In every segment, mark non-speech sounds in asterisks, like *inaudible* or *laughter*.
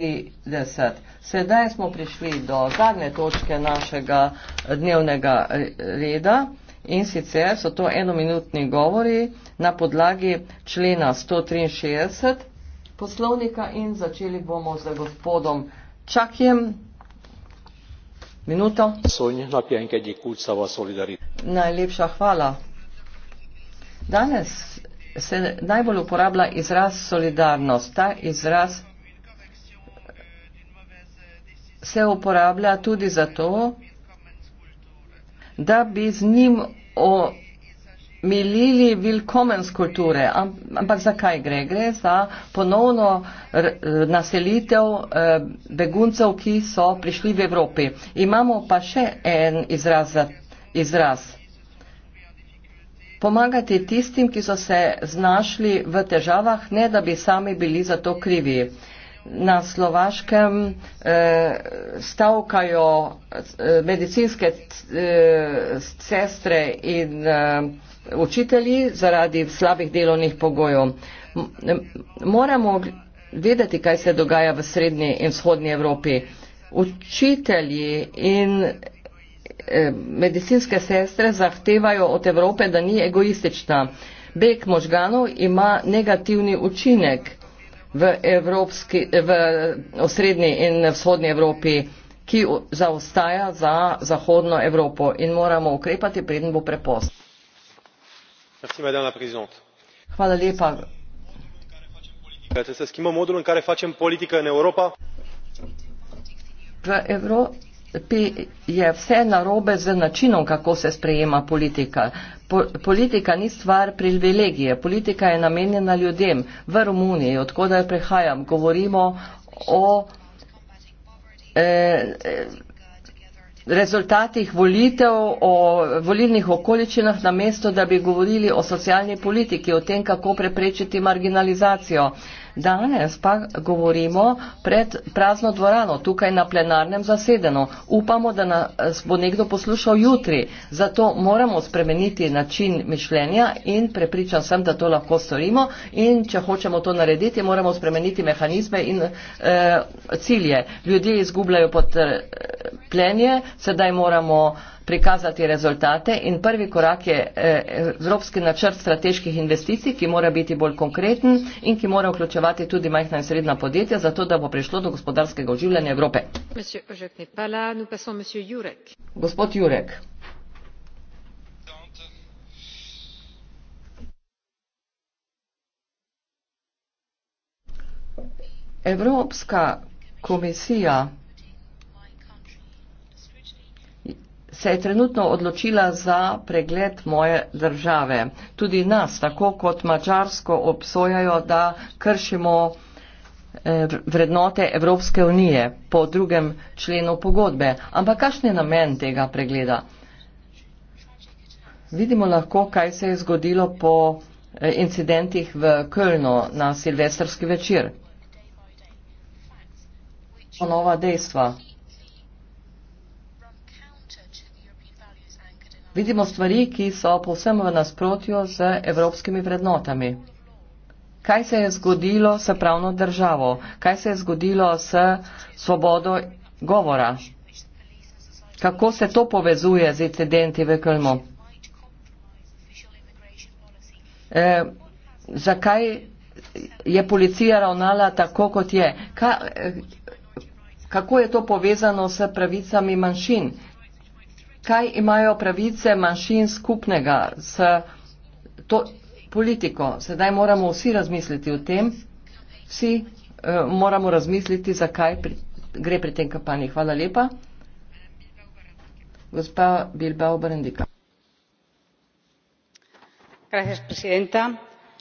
10. Sedaj smo prišli do zadnje točke našega dnevnega eh, reda in sicer so to enominutni govori na podlagi člena 163 poslovnika in začeli bomo z gospodom Čakjem. Minuto. Najlepša hvala. Danes se najbolj uporablja izraz solidarnost. Ta izraz se uporablja tudi zato, da bi z njim omilili willkommens kulture. Ampak zakaj gre? Gre za ponovno naselitev eh, beguncev, ki so prišli v Evropi. Imamo pa še en izraz za izraz. Pomagati tistim, ki so se znašli v težavah, ne da bi sami bili za to krivi na Slovaškem eh, stavkajo eh, medicinske eh, sestre in eh, učitelji zaradi slabih delovnih pogojev. Moramo vedeti, kaj se dogaja v srednji in vzhodnji Evropi. Učitelji in eh, medicinske sestre zahtevajo od Evrope, da ni egoistična. Beg možganov ima negativni učinek v, Evropski, v osrednji in vzhodnji Evropi, ki zaostaja za zahodno Evropo in moramo ukrepati, preden bo prepozno. Hvala lepa. V Evropi je vse narobe z načinom, kako se sprejema politika. Po, politika ni stvar privilegije, politika je namenjena ljudem. V Romuniji, odkud jo prehajam, govorimo o eh, eh, rezultatih volitev, o volilnih okoličinah, namesto da bi govorili o socialni politiki, o tem, kako preprečiti marginalizacijo. Danes pa govorimo pred prazno dvorano, tukaj na plenarnem zasedeno. Upamo, da nas bo nekdo poslušal jutri. Zato moramo spremeniti način mišljenja in prepričan sem, da to lahko storimo. In če hočemo to narediti, moramo spremeniti mehanizme in e, cilje. Ljudje izgubljajo potrpljenje, sedaj moramo prikazati rezultate in prvi korak je eh, evropski načrt strateških investicij, ki mora biti bolj konkreten in ki mora vključevati tudi majhna in srednja podjetja, zato da bo prišlo do gospodarskega oživljanja Evrope. Gospod Jurek. Evropska komisija se je trenutno odločila za pregled moje države. Tudi nas, tako kot Mačarsko, obsojajo, da kršimo eh, vrednote Evropske unije po drugem členu pogodbe. Ampak kakšen je namen tega pregleda? Vidimo lahko, kaj se je zgodilo po eh, incidentih v Kölnu na silvestrski večer. Ponova dejstva, vidimo stvari, ki so povsem v nasprotju z evropskimi vrednotami. Kaj se je zgodilo s pravno državo? Kaj se je zgodilo s svobodo govora? Kako se to povezuje z incidenti v Kölnu? E, zakaj je policija ravnala tako, kot je? Ka, e, kako je to povezano s pravicami manjšin? kaj imajo pravice manjšin skupnega s to politiko. Sedaj moramo vsi razmisliti o tem, vsi uh, moramo razmisliti, zakaj pri, gre pri tem kampanji. Hvala lepa. Gospa Bilbao Barendika. Gracias, presidenta.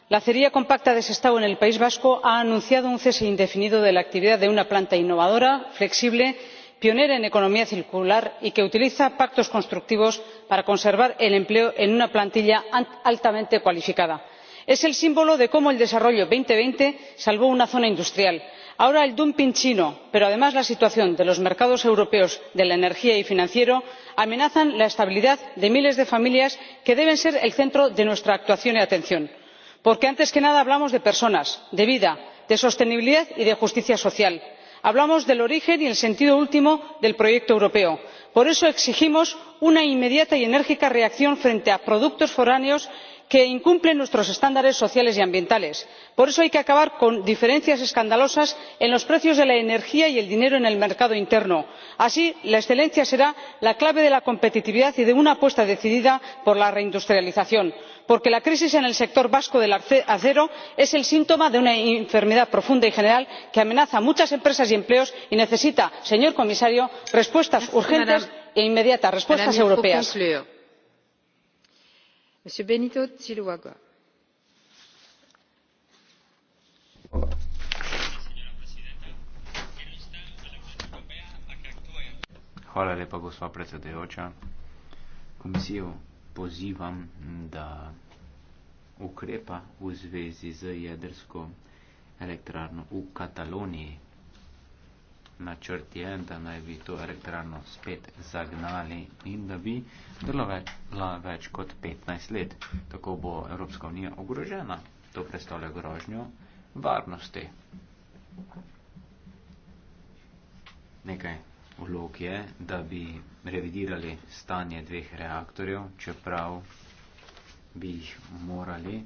La cerilla compacta de ese estado en el País Vasco ha anunciado un cese indefinido de la actividad de una planta innovadora, flexible pionera en economía circular y que utiliza pactos constructivos para conservar el empleo en una plantilla altamente cualificada. es el símbolo de cómo el desarrollo dos mil veinte salvó una zona industrial. ahora el dumping chino pero además la situación de los mercados europeos de la energía y financiero amenazan la estabilidad de miles de familias que deben ser el centro de nuestra actuación y atención. porque antes que nada hablamos de personas de vida de sostenibilidad y de justicia social hablamos del origen y el sentido último del proyecto europeo. por eso exigimos una inmediata y enérgica reacción frente a productos foráneos que que incumple nuestros estándares sociales y ambientales. por eso hay que acabar con diferencias escandalosas en los precios de la energía y el dinero en el mercado interior. así la excelencia será la clave de la competitividad y de una apuesta decidida por la reindustrialización porque la crisis en el sector vasco del acero es el síntoma de una enfermedad profunda y general que amenaza a muchas empresas y empleos y necesita señor comisario respuestas urgentes e inmediatas respuestas europeas madame la predsedujoča komisijo pozivam da ukrepa v zvezi z jedrsko elektrarno v kataloniji načrt je, da naj bi to elektrarno spet zagnali in da bi delovala več kot 15 let. Tako bo Evropska unija ogrožena. To predstavlja grožnjo varnosti. Nekaj vlog je, da bi revidirali stanje dveh reaktorjev, čeprav bi jih morali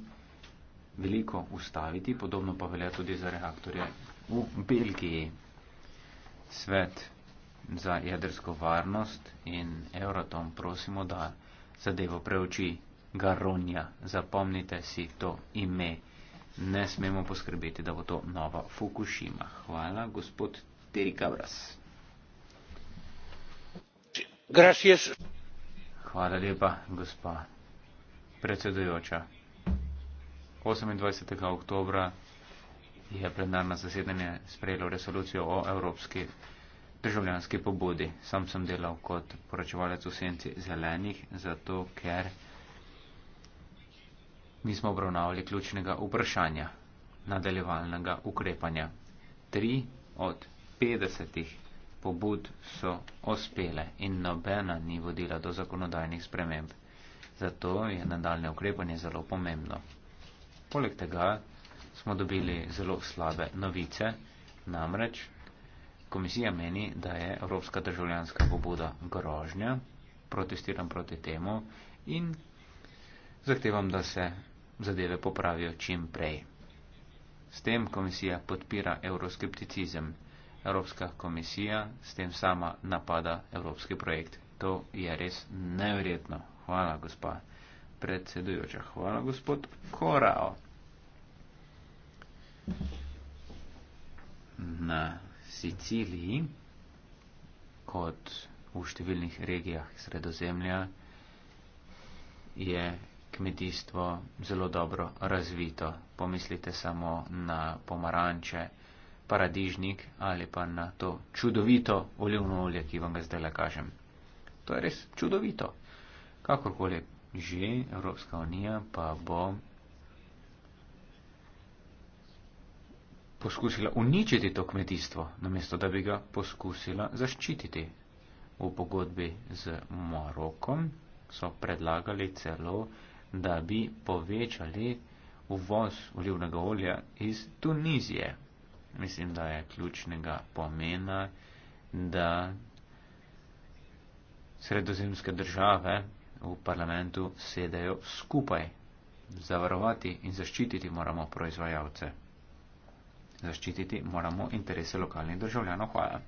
veliko ustaviti, podobno pa velja tudi za reaktorje v Belgiji svet za jedrsko varnost in Euratom prosimo, da zadevo preuči Garonja. Zapomnite si to ime. Ne smemo poskrbeti, da bo to nova Fukushima. Hvala, gospod Terikabras. Hvala lepa, gospa predsedujoča. 28. oktobra je plenarno zasedanje sprejelo resolucijo o evropski državljanski pobudi. Sam sem delal kot poročevalec v senci zelenih, zato ker nismo obravnavali ključnega vprašanja nadaljevalnega ukrepanja. Tri od 50 pobud so ospele in nobena ni vodila do zakonodajnih sprememb. Zato je nadaljne ukrepanje zelo pomembno. Poleg tega smo dobili zelo slabe novice. Namreč komisija meni, da je Evropska državljanska pobuda grožnja, protestiram proti temu in zahtevam, da se zadeve popravijo čim prej. S tem komisija podpira euroskepticizem. Evropska komisija s tem sama napada evropski projekt. To je res neverjetno. Hvala, gospa predsedujoča. Hvala, gospod Korao na Siciliji, kot v številnih regijah sredozemlja, je kmetijstvo zelo dobro razvito. Pomislite samo na pomaranče, paradižnik ali pa na to čudovito olivno olje, ki vam ga zdaj le kažem. To je res čudovito. Kakorkoli že Evropska unija pa bo poskusila uničiti to kmetijstvo, namesto da bi ga poskusila zaščititi. V pogodbi z Marokom so predlagali celo, da bi povečali uvoz olivnega olja iz Tunizije. Mislim, da je ključnega pomena, da sredozemske države v parlamentu sedajo skupaj. Zavarovati in zaščititi moramo proizvajalce. Zaščititi moramo interese lokalnih državljanov. Hvala.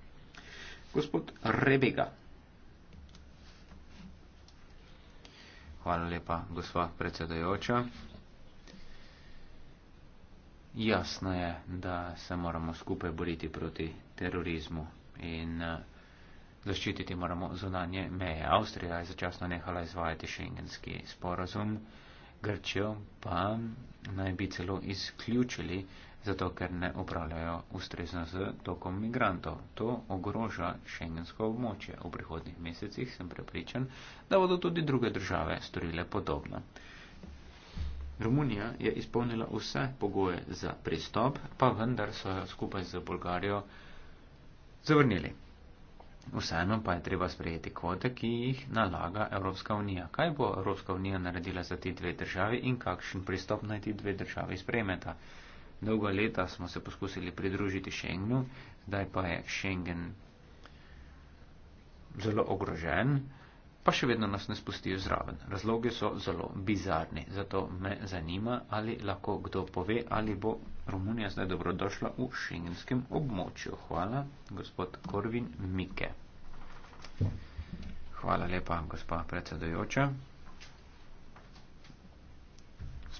Gospod Rebega. Hvala lepa, gospod predsedajoča. Jasno je, da se moramo skupaj boriti proti terorizmu in eh, zaščititi moramo zunanje meje. Avstrija je začasno nehala izvajati šengenski sporazum, Grčijo pa naj bi celo izključili zato ker ne upravljajo ustrezno z tokom migrantov. To ogroža šengensko območje. V prihodnih mesecih sem prepričan, da bodo tudi druge države storile podobno. Romunija je izpolnila vse pogoje za pristop, pa vendar so jo skupaj z Bolgarijo zavrnili. Vseeno pa je treba sprejeti kvote, ki jih nalaga Evropska unija. Kaj bo Evropska unija naredila za ti dve državi in kakšen pristop naj ti dve državi sprejmeta? Dolga leta smo se poskusili pridružiti Schengenu, zdaj pa je Schengen zelo ogrožen, pa še vedno nas ne spustijo zraven. Razloge so zelo bizarni, zato me zanima, ali lahko kdo pove, ali bo Romunija zdaj dobrodošla v šengenskem območju. Hvala, gospod Korvin Mike. Hvala lepa, gospa predsedujoča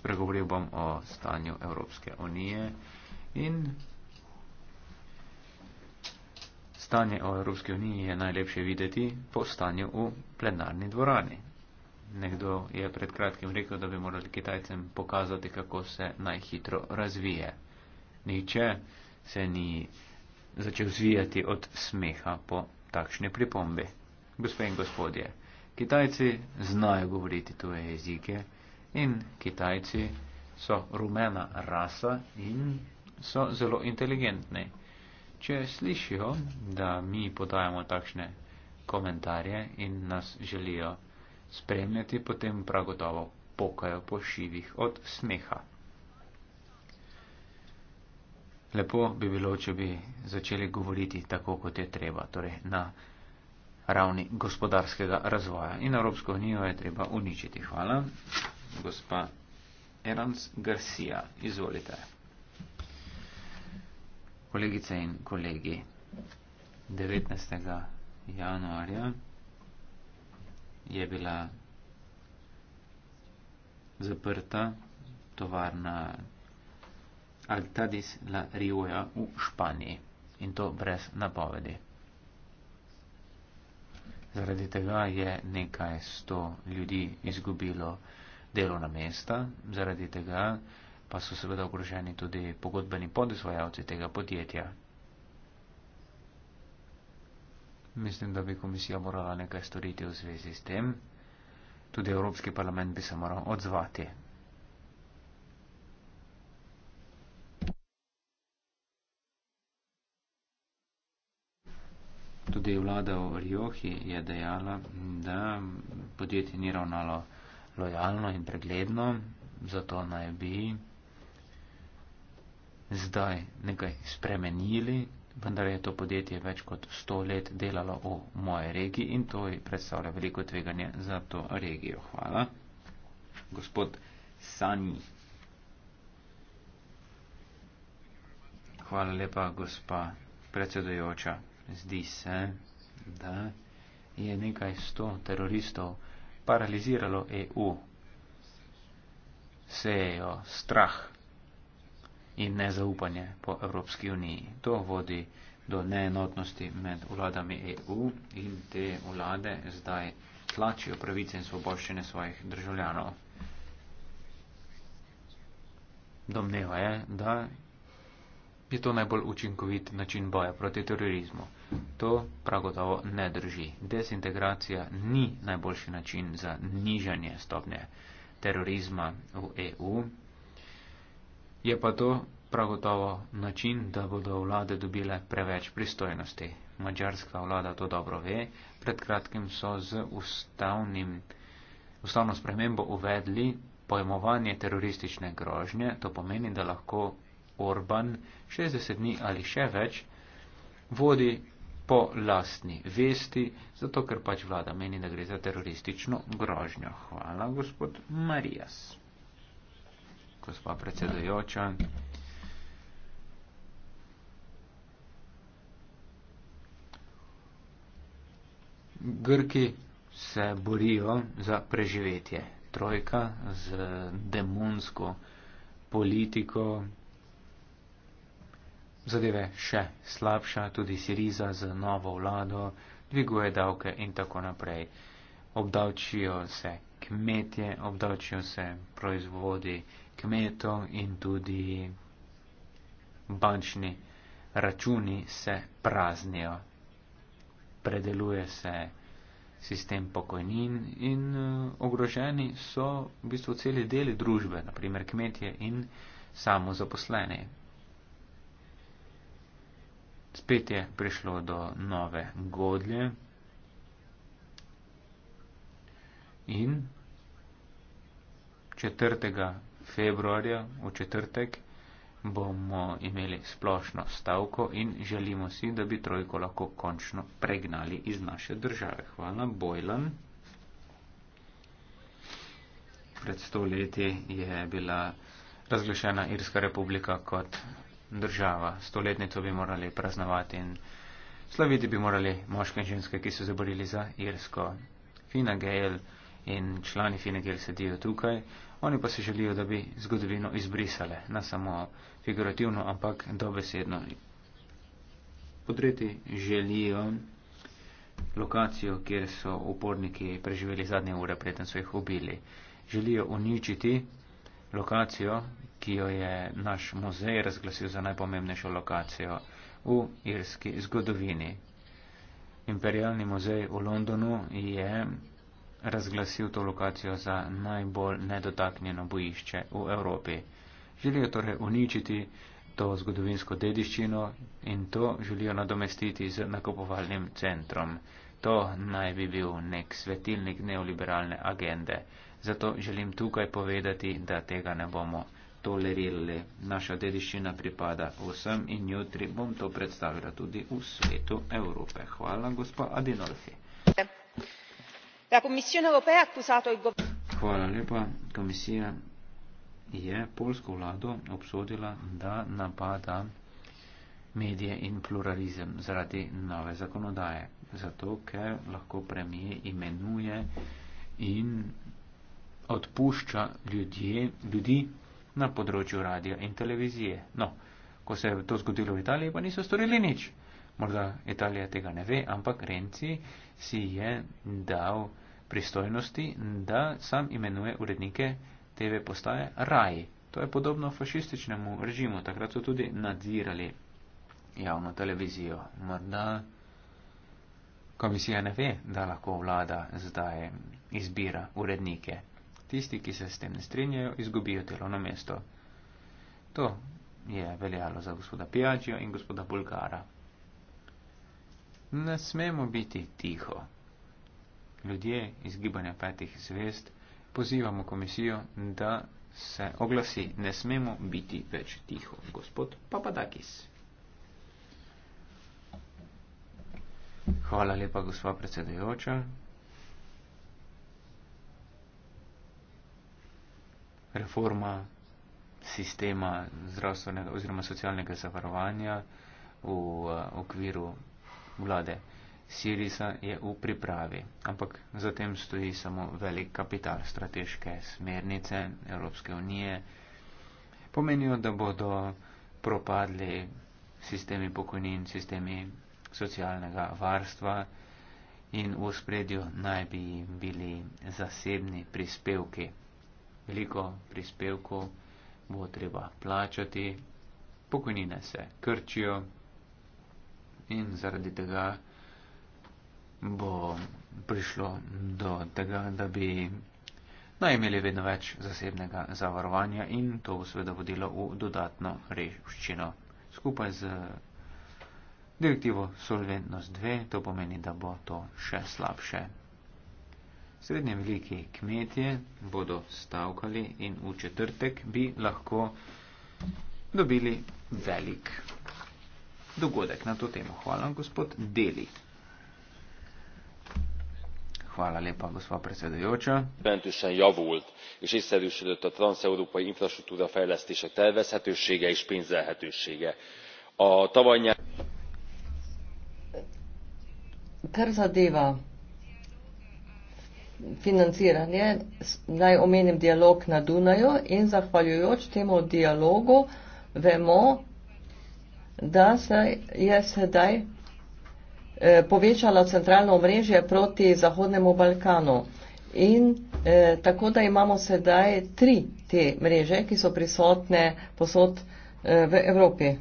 spregovoril bom o stanju Evropske unije in stanje o Evropske unije je najlepše videti po stanju v plenarni dvorani. Nekdo je pred kratkim rekel, da bi morali Kitajcem pokazati, kako se najhitro razvije. Niče se ni začel zvijati od smeha po takšne pripombe. Gospe in gospodje, Kitajci znajo govoriti tuje jezike. In hmm. Kitajci so rumena rasa in so zelo inteligentni. Če slišijo, da mi podajamo takšne komentarje in nas želijo spremljati, potem pragotovo pokajo po šivih od smeha. Lepo bi bilo, če bi začeli govoriti tako, kot je treba, torej na ravni gospodarskega razvoja. In Evropsko unijo je treba uničiti. Hvala gospa Erans Garcia. Izvolite. Kolegice in kolegi, 19. januarja je bila zaprta tovarna Altadis La Rioja v Španiji in to brez napovedi. Zaradi tega je nekaj sto ljudi izgubilo delovna mesta, zaradi tega pa so seveda ogroženi tudi pogodbeni podizvajalci tega podjetja. Mislim, da bi komisija morala nekaj storiti v zvezi s tem. Tudi Evropski parlament bi se moral odzvati. Tudi vlada v Riohi je dejala, da podjetje ni ravnalo lojalno in pregledno, zato naj bi zdaj nekaj spremenili, vendar je to podjetje več kot 100 let delalo v moje regiji in to predstavlja veliko tveganje za to regijo. Hvala. Gospod Sani. Hvala lepa, gospa predsedojoča. Zdi se, da je nekaj sto teroristov paraliziralo EU, sejo strah in nezaupanje po Evropski uniji. To vodi do neenotnosti med vladami EU in te vlade zdaj tlačijo pravice in svoboščine svojih državljanov. Domneva je, da je to najbolj učinkovit način boja proti terorizmu. To pravgotovo ne drži. Desintegracija ni najboljši način za nižanje stopnje terorizma v EU. Je pa to pravgotovo način, da bodo vlade dobile preveč pristojnosti. Mačarska vlada to dobro ve. Pred kratkim so z ustavnim, ustavno spremembo uvedli pojmovanje teroristične grožnje. To pomeni, da lahko Orban 60 dni ali še več vodi po lastni vesti, zato ker pač vlada meni, da gre za teroristično grožnjo. Hvala, gospod Marijas. Gospa predsedojoča. Grki se borijo za preživetje. Trojka z demonsko politiko zadeve še slabša, tudi Siriza z novo vlado dviguje davke in tako naprej. Obdavčijo se kmetje, obdavčijo se proizvodi kmetov in tudi bančni računi se praznijo. Predeluje se sistem pokojnin in uh, ogroženi so v bistvu celi deli družbe, naprimer kmetje in samozaposleni spet je prišlo do nove godlje in 4. februarja v četrtek bomo imeli splošno stavko in želimo si, da bi trojko lahko končno pregnali iz naše države. Hvala, Bojlan. Pred sto leti je bila razglašena Irska republika kot država. Stoletnico bi morali praznovati in slaviti bi morali moške in ženske, ki so zaborili za Irsko. Fina Gael in člani Fina Gael sedijo tukaj, oni pa se želijo, da bi zgodovino izbrisale, ne samo figurativno, ampak dobesedno. Podreti želijo lokacijo, kjer so uporniki preživeli zadnje ure, preden so jih ubili. Želijo uničiti lokacijo, ki jo je naš muzej razglasil za najpomembnejšo lokacijo v irski zgodovini. Imperialni muzej v Londonu je razglasil to lokacijo za najbolj nedotaknjeno bojišče v Evropi. Želijo torej uničiti to zgodovinsko dediščino in to želijo nadomestiti z nakupovalnim centrom. To naj bi bil nek svetilnik neoliberalne agende. Zato želim tukaj povedati, da tega ne bomo tolerirali. Naša dediščina pripada vsem in jutri bom to predstavila tudi v svetu Evrope. Hvala, gospa Adinolfi. La Commissione Europea ha accusato il governo. Hvala lepa. Komisija je polsko vlado obsodila, da napada medije in pluralizem zaradi nove zakonodaje. Zato, ker lahko premije imenuje in odpušča ljudje, ljudi na področju radia in televizije. No, ko se je to zgodilo v Italiji, pa niso storili nič. Morda Italija tega ne ve, ampak Renci si je dal pristojnosti, da sam imenuje urednike TV postaje Raj. To je podobno fašističnemu režimu. Takrat so tudi nadzirali javno televizijo. Morda komisija ne ve, da lahko vlada zdaj izbira urednike. Tisti, ki se s tem ne strinjajo, izgubijo delovno mesto. To je veljalo za gospoda Pijačijo in gospoda Bulgara. Ne smemo biti tiho. Ljudje iz gibanja petih zvest pozivamo komisijo, da se oglasi. Ne smemo biti več tiho, gospod Papadakis. Hvala lepa, gospod predsedajoča. reforma sistema zdravstvenega oziroma socialnega zavarovanja v eh, okviru vlade Sirisa je v pripravi, ampak zatem stoji samo velik kapital strateške smernice Evropske unije. Pomenijo, da bodo propadli sistemi pokojnin, sistemi socialnega varstva in v spredju naj bi bili zasebni prispevki veliko prispevkov bo treba plačati, pokojnine se krčijo in zaradi tega bo prišlo do tega, da bi naj imeli vedno več zasebnega zavarovanja in to bo seveda vodilo v dodatno revščino. Skupaj z direktivo Solventnost 2 to pomeni, da bo to še slabše Srednje veliki kmetje bodo stavkali in v četrtek bi lahko dobili velik dogodek na to temo. Hvala, gospod Deli. Hvala lepa, gospod predsedujoča. Bentusen javult, iz izsredušedött a transeurópai infrastruktúra fejlesztése tervezhetősége és pénzelhetősége. A tavaly nyár... Kar zadeva financiranje, naj omenim dialog na Dunaju in zahvaljujoč temu dialogu vemo, da se je sedaj eh, povečalo centralno omrežje proti Zahodnemu Balkanu. In eh, tako, da imamo sedaj tri te mreže, ki so prisotne posod eh, v Evropi.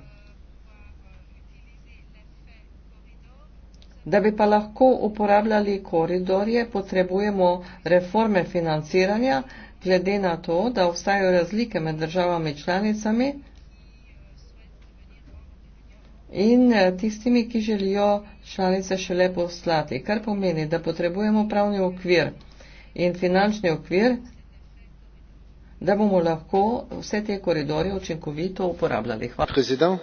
Da bi pa lahko uporabljali koridorje, potrebujemo reforme financiranja, glede na to, da obstajajo razlike med državami članicami in eh, tistimi, ki želijo članice šele poslati, kar pomeni, da potrebujemo pravni okvir in finančni okvir, da bomo lahko vse te koridorje učinkovito uporabljali. Hvala.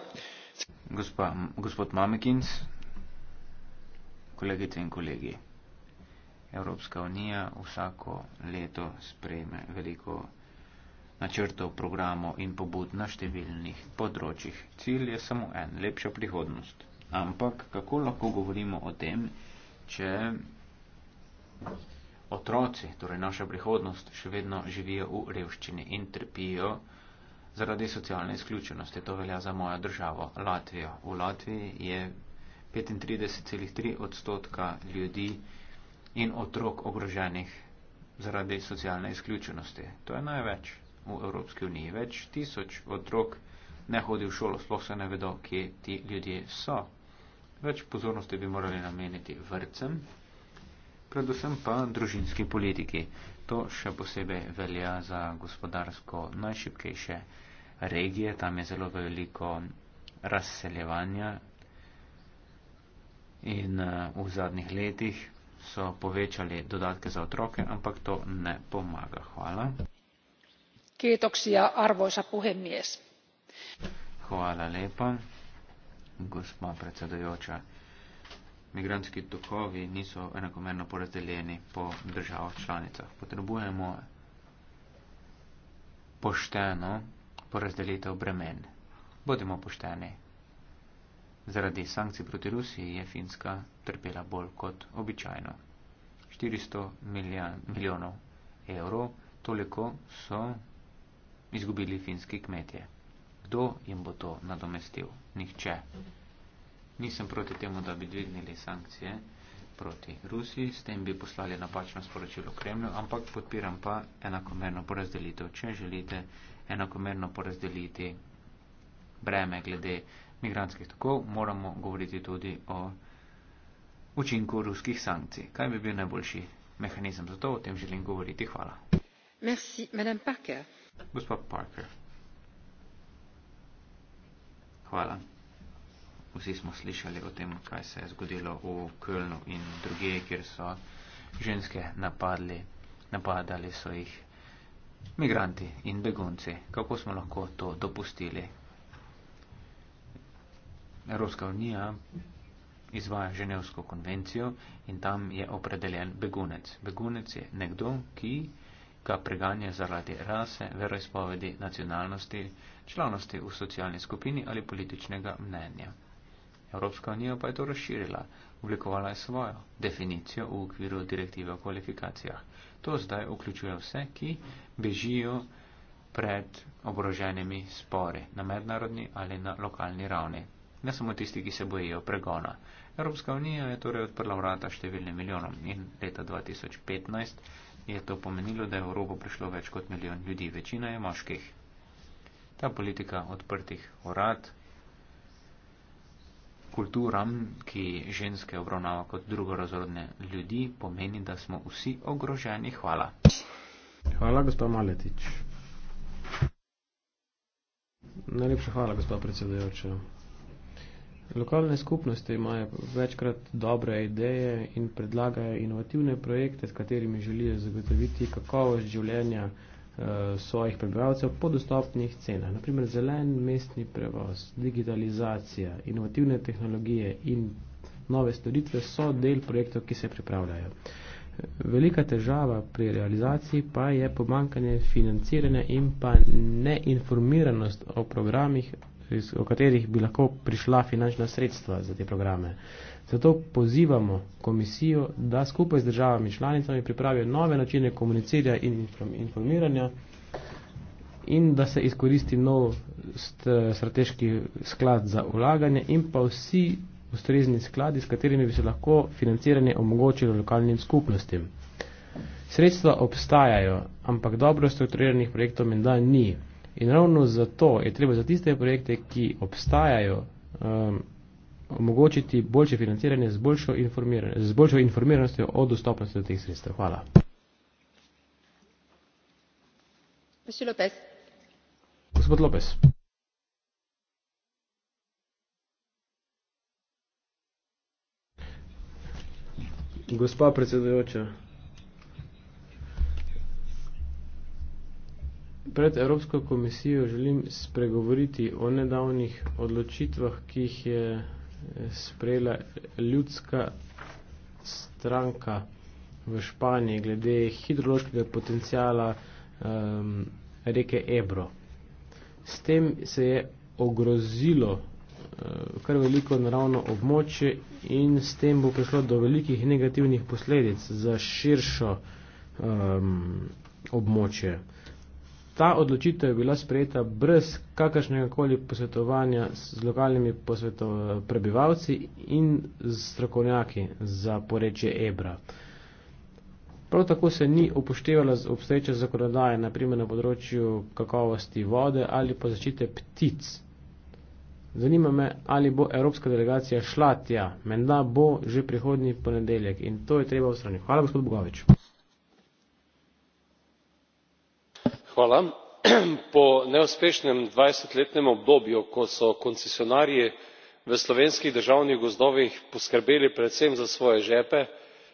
Gospa, gospod Mamekins kolegice in kolegi. Evropska unija vsako leto sprejme veliko načrtov, programov in pobud na številnih področjih. Cilj je samo en, lepša prihodnost. Ampak kako lahko govorimo o tem, če otroci, torej naša prihodnost, še vedno živijo v revščini in trpijo zaradi socialne izključenosti. To velja za mojo državo, Latvijo. V Latviji je 35,3 odstotka ljudi in otrok ogroženih zaradi socialne izključenosti. To je največ v Evropski uniji. Več tisoč otrok ne hodi v šolo, sploh se ne vedo, kje ti ljudje so. Več pozornosti bi morali nameniti vrcem, predvsem pa družinski politiki. To še posebej velja za gospodarsko najšipkejše regije. Tam je zelo veliko razseljevanja in eh, v zadnjih letih so povečali dodatke za otroke, ampak to ne pomaga. Hvala. Kiitoksia, arvoisa puhemies. Hvala lepa, gospa predsedojoča. Migrantski tokovi niso enakomerno porazdeljeni po državah članicah. Potrebujemo pošteno porazdelitev bremen. Bodimo pošteni. Zaradi sankcij proti Rusiji je Finska trpela bolj kot običajno. 400 milijan, milijonov evrov, toliko so izgubili finski kmetje. Kdo jim bo to nadomestil? Nihče. Nisem proti temu, da bi dvignili sankcije proti Rusiji, s tem bi poslali napačno sporočilo Kremlju, ampak podpiram pa enakomerno porazdelitev, če želite enakomerno porazdeliti breme glede migranskih tokov, moramo govoriti tudi o učinku ruskih sankcij. Kaj bi bil najboljši mehanizem za to? O tem želim govoriti. Hvala. Merci, Madame Parker. Gospa Parker. Hvala. Vsi smo slišali o tem, kaj se je zgodilo v Kölnu in druge, kjer so ženske napadli, napadali so jih migranti in begunci. Kako smo lahko to dopustili? Evropska unija izvaja Ženevsko konvencijo in tam je opredeljen begunec. Begunec je nekdo, ki ga preganja zaradi rase, veroizpovedi, nacionalnosti, članosti v socialni skupini ali političnega mnenja. Evropska unija pa je to razširila, oblikovala je svojo definicijo v okviru direktive o kvalifikacijah. To zdaj vključuje vse, ki bežijo pred oboroženimi spori na mednarodni ali na lokalni ravni ne samo tisti, ki se bojijo pregona. Evropska unija je torej odprla vrata številnim milijonom in leta 2015 je to pomenilo, da je v Evropo prišlo več kot milijon ljudi, večina je moških. Ta politika odprtih vrat kulturam, ki ženske obravnava kot drugorazrodne ljudi, pomeni, da smo vsi ogroženi. Hvala. Hvala, gospod Maletič. Najlepša hvala, gospod predsedujoča. Lokalne skupnosti imajo večkrat dobre ideje in predlagajo inovativne projekte, s katerimi želijo zagotoviti kakovost življenja eh, svojih prebivalcev po dostopnih cenah. Naprimer, zelen mestni prevoz, digitalizacija, inovativne tehnologije in nove storitve so del projektov, ki se pripravljajo. Velika težava pri realizaciji pa je pomankanje financiranja in pa neinformiranost o programih iz katerih bi lahko prišla finančna sredstva za te programe. Zato pozivamo komisijo, da skupaj z državami članicami pripravijo nove načine komuniciranja in informiranja in da se izkoristi nov st strateški sklad za ulaganje in pa vsi ustrezni skladi, s katerimi bi se lahko financiranje omogočilo lokalnim skupnostim. Sredstva obstajajo, ampak dobro strukturiranih projektov menda ni. In ravno zato je treba za tiste projekte, ki obstajajo, um, omogočiti boljše financiranje z boljšo, z boljšo informiranostjo o dostopnosti do teh sredstev. Hvala. Gospod Lopes. Gospa predsedujoča, pred Evropsko komisijo želim spregovoriti o nedavnih odločitvah, ki jih je eh, sprejela ljudska stranka v Španiji glede hidrološkega potencijala um, ehm, reke Ebro. S tem se je ogrozilo uh, kar veliko naravno območje in s tem bo prišlo do velikih negativnih posledic za širšo um, območje. Ta odločitev je bila sprejeta brez kakršnega koli posvetovanja z lokalnimi prebivalci in z strokovnjaki za porečje Ebra. Prav tako se ni upoštevala obstoječa zakonodaje, naprimer na področju kakovosti vode ali pa zaščite ptic. Zanima me, ali bo Evropska delegacija šla tja. Menda bo že prihodnji ponedeljek in to je treba v strani. Hvala, gospod Bogovič. *clears throat* po neuspešnem dvajsetletnem obdobju ko so koncesionarji v slovenskih državnih gozdovih poskrbeli predvsem za svoje žepe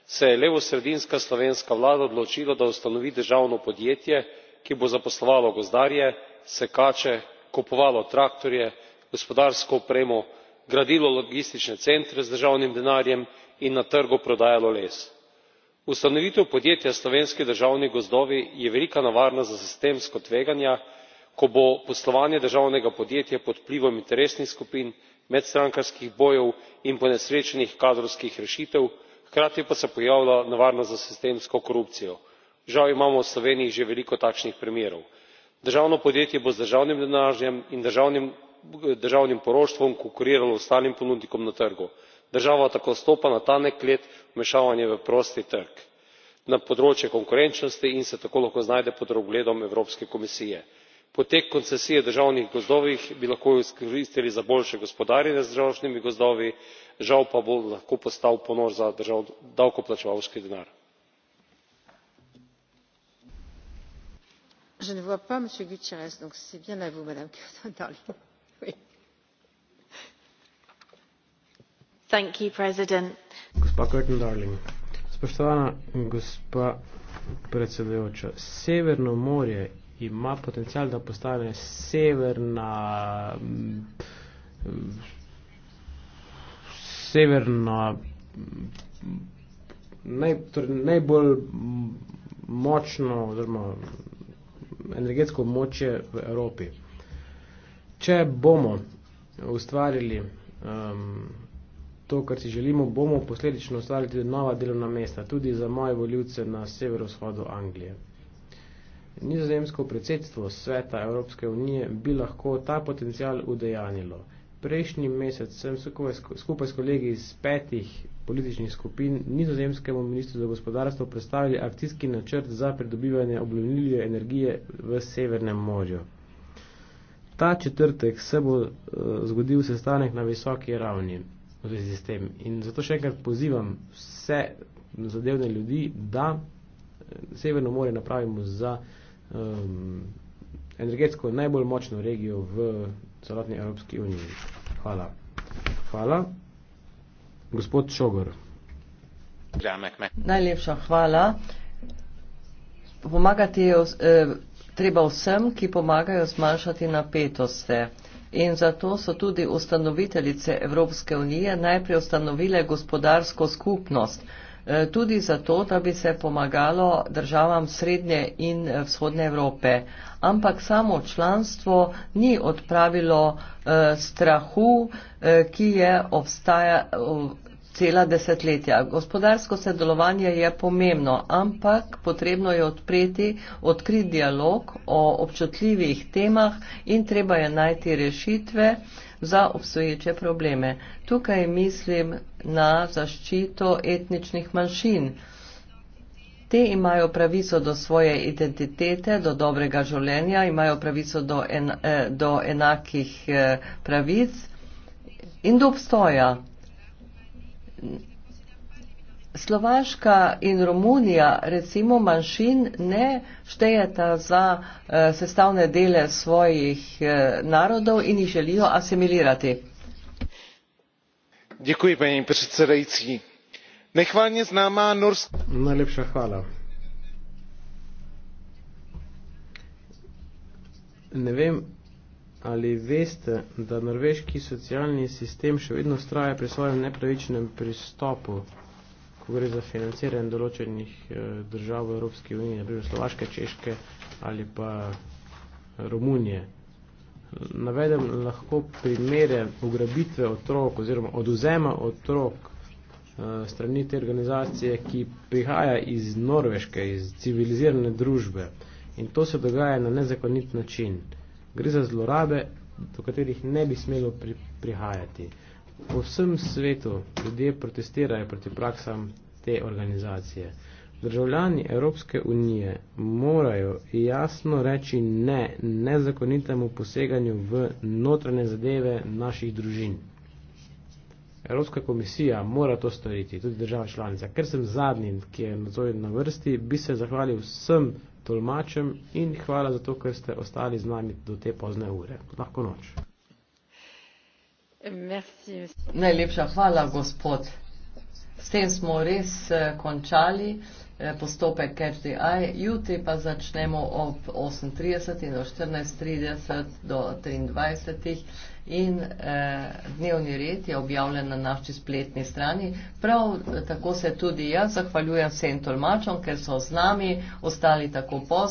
se je levosredinska slovenska vlada odločila da ustanovi državno podjetje ki bo zaposlovalo gozdarje sekače kupovalo traktorje gospodarsko opremo gradilo logistične centre z državnim denarjem in na trgu prodajalo les ustanovitev podjetja slovenski državni gozdovi je velika nevarnost za sistemska tveganja ko bo poslovanje državnega podjetja pod vplivom interesnih skupin medstrankarskih bojev in ponesrečenih kadrovskih rešitev hkrati pa se pojavlja nevarnost za sistemsko korupcijo. žal imamo v sloveniji že veliko takšnih primerov. državno podjetje bo z državnim denarjem in državnim poroštvom konkuriralo ostalim ponudnikom na trgu država tako stopa na tanek led vmešavanje v prosti trg na področje konkurenčnosti in se tako lahko znajde pod drobnogledom evropske komisije. potek koncesije državnih gozdovih bi lahko izkoristili za boljše gospodarjenje z državnimi gozdovi žal pa bo lahko postal ponor za davkoplačevalski denar. Spoštovana gospa predsedujoča, Severno morje ima potencial, da postane severna, severna naj, torej najbolj močno oziroma energetsko moče v Evropi. Če bomo ustvarili um, to, kar si želimo, bomo posledično ustvarili tudi nova delovna mesta, tudi za moje voljivce na severovzhodu Anglije. Nizozemsko predsedstvo sveta Evropske unije bi lahko ta potencial udejanilo. Prejšnji mesec sem skupaj s kolegi iz petih političnih skupin nizozemskemu ministru za gospodarstvo predstavili akcijski načrt za pridobivanje obnovljive energije v Severnem morju. Ta četrtek se bo eh, zgodil sestanek na visoki ravni zvezi s tem. In zato še enkrat pozivam vse zadevne ljudi, da eh, Severno more napravimo za um, energetsko najbolj močno regijo v celotni Evropski uniji. Hvala. Hvala. Gospod Šogor. Ja, mek, mek. Najlepša hvala. Pomagati je eh, treba vsem, ki pomagajo zmanjšati napetost in zato so tudi ustanoviteljice Evropske unije najprej ustanovile gospodarsko skupnost, eh, tudi zato, da bi se pomagalo državam Srednje in eh, Vzhodne Evrope. Ampak samo članstvo ni odpravilo eh, strahu, ki je obstaja, cela desetletja. Gospodarsko sodelovanje je pomembno, ampak potrebno je odpreti, odkriti dialog o občutljivih temah in treba je najti rešitve za obstoječe probleme. Tukaj mislim na zaščito etničnih manjšin. Te imajo pravico do svoje identitete, do dobrega življenja, imajo pravico do, en, eh, do enakih eh, pravic in do obstoja. Slovaška in Romunija recimo manjšin ne štejeta za eh, sestavne dele svojih eh, narodov in jih želijo asimilirati. Děkuji, paní předsedající. Nechválně známá norská... Najlepša chvála. Nevím, ali veste, da norveški socialni sistem še vedno straja pri svojem nepravičnem pristopu, ko gre za financiranje določenih eh, držav v Evropski uniji, na primer Slovaške, Češke ali pa eh, Romunije. Navedem lahko primere ugrabitve otrok oziroma oduzema otrok eh, strani te organizacije, ki prihaja iz Norveške, iz civilizirane družbe. In to se dogaja na nezakonit način. Gre za zlorabe, do katerih ne bi smelo pri, prihajati. Po vsem svetu ljudje protestirajo proti praksam te organizacije. Državljani Evropske unije morajo jasno reči ne nezakonitemu poseganju v notranje zadeve naših družin. Evropska komisija mora to storiti, tudi država članica. Ker sem zadnji, ki je na toj na vrsti, bi se zahvalil vsem tolmačem in hvala za to, ker ste ostali z nami do te pozne ure. Lahko noč. Merci. Najlepša hvala, gospod. S tem smo res eh, končali eh, postopek HDI. Jutri pa začnemo ob 8.30 in o 14.30 do 23 in eh, dnevni red je objavljen na naši spletni strani. Prav eh, tako se tudi jaz zahvaljujem vsem tolmačom, ker so z nami ostali tako pozno.